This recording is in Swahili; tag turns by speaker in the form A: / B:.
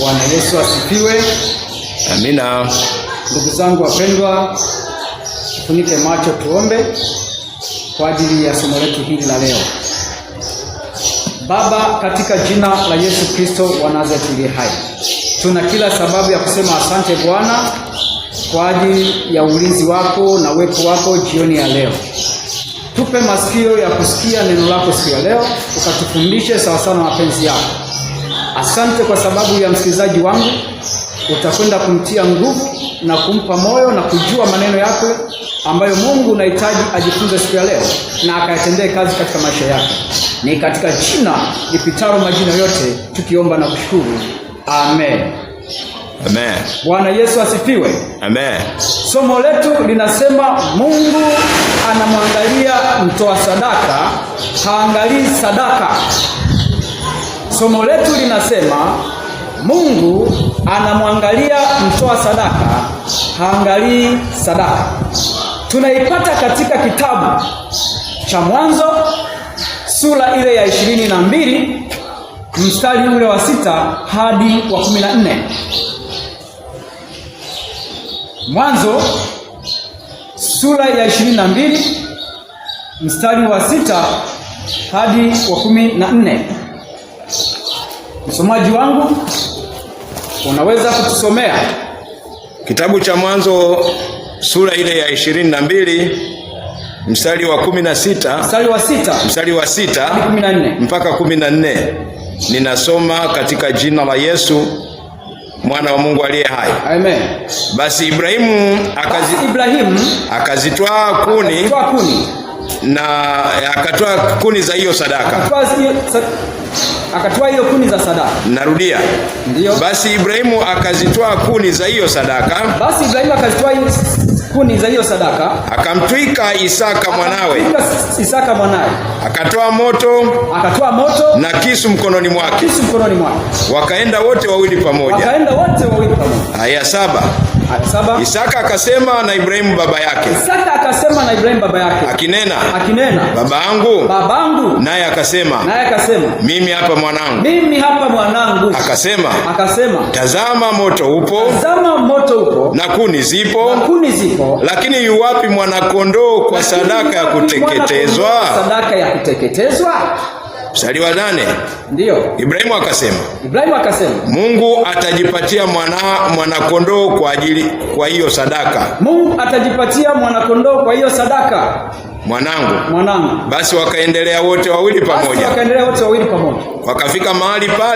A: Bwana Yesu asifiwe. Amina. Ndugu zangu wapendwa, tufunike macho tuombe kwa ajili ya somo letu hili la leo. Baba, katika jina la Yesu Kristo wa Nazareti aliye hai, tuna kila sababu ya kusema asante Bwana kwa ajili ya ulinzi wako na uwepo wako jioni ya leo. Tupe masikio ya kusikia neno lako siku ya leo, ukatufundishe sawasawa na mapenzi yako Asante kwa sababu ya msikilizaji wangu, utakwenda kumtia nguvu na kumpa moyo na kujua maneno yako ambayo Mungu unahitaji ajifunze siku ya leo na akayatendee kazi katika maisha yake. Ni katika jina lipitalo majina yote tukiomba na kushukuru, amen. Amen. Bwana Yesu asifiwe. Amen. Somo letu linasema Mungu anamwangalia mtoa sadaka, haangalii sadaka. Somo letu linasema Mungu anamwangalia mtoa sadaka, haangalii sadaka. Tunaipata katika kitabu cha Mwanzo sura ile ya ishirini na mbili mstari ule wa sita hadi wa kumi na nne. Mwanzo sura ya ishirini na mbili mstari wa sita hadi wa kumi na nne. Msomaji wangu, unaweza kutusomea
B: kitabu cha Mwanzo sura ile ya ishirini na mbili mstari wa kumi na sita
A: mstari wa sita
B: mstari wa sita mpaka kumi na nne Ninasoma katika jina la Yesu mwana wa Mungu aliye hai. Amen. Basi Ibrahimu
A: akazi, basi Ibrahimu
B: akazitwaa kuni,
A: akazitwaa kuni
B: na akatoa kuni za hiyo sadaka
A: akatoa hiyo kuni za sadaka.
B: Narudia. Ndio. Basi Ibrahimu akazitoa kuni za hiyo sadaka.
A: Basi Ibrahimu akazitoa hiyo kuni za hiyo sadaka.
B: Akamtwika Isaka mwanawe.
A: Isaka mwanawe.
B: Akatoa moto.
A: Akatoa moto
B: na kisu mkononi mwake.
A: Kisu mkononi mwake.
B: Wakaenda wote wawili pamoja.
A: Wakaenda wote wawili pamoja.
B: Aya saba. Isaka akasema na Ibrahimu baba yake.
A: Isaka akasema na Ibrahimu baba yake. Akinena. Akinena.
B: Baba yangu.
A: Baba yangu.
B: Naye akasema.
A: Naye akasema.
B: Mimi hapa mwanangu.
A: Mimi hapa mwanangu. Akasema. Akasema.
B: Tazama moto upo.
A: Tazama moto upo.
B: Na kuni zipo. Na
A: kuni zipo.
B: Lakini yu wapi mwana kondoo kwa sadaka ya kuteketezwa?
A: Sadaka ya kuteketezwa
B: mstari wa nane ndio Ibrahimu akasema,
A: Ibrahimu akasema,
B: Mungu atajipatia mwana mwanakondoo kwa ajili kwa hiyo sadaka.
A: Mungu atajipatia mwanakondoo kwa hiyo sadaka.
B: Mwanangu, mwanangu. Basi wakaendelea wote wawili pamoja, basi
A: wakaendelea wote wawili pamoja,
B: wakafika mahali pale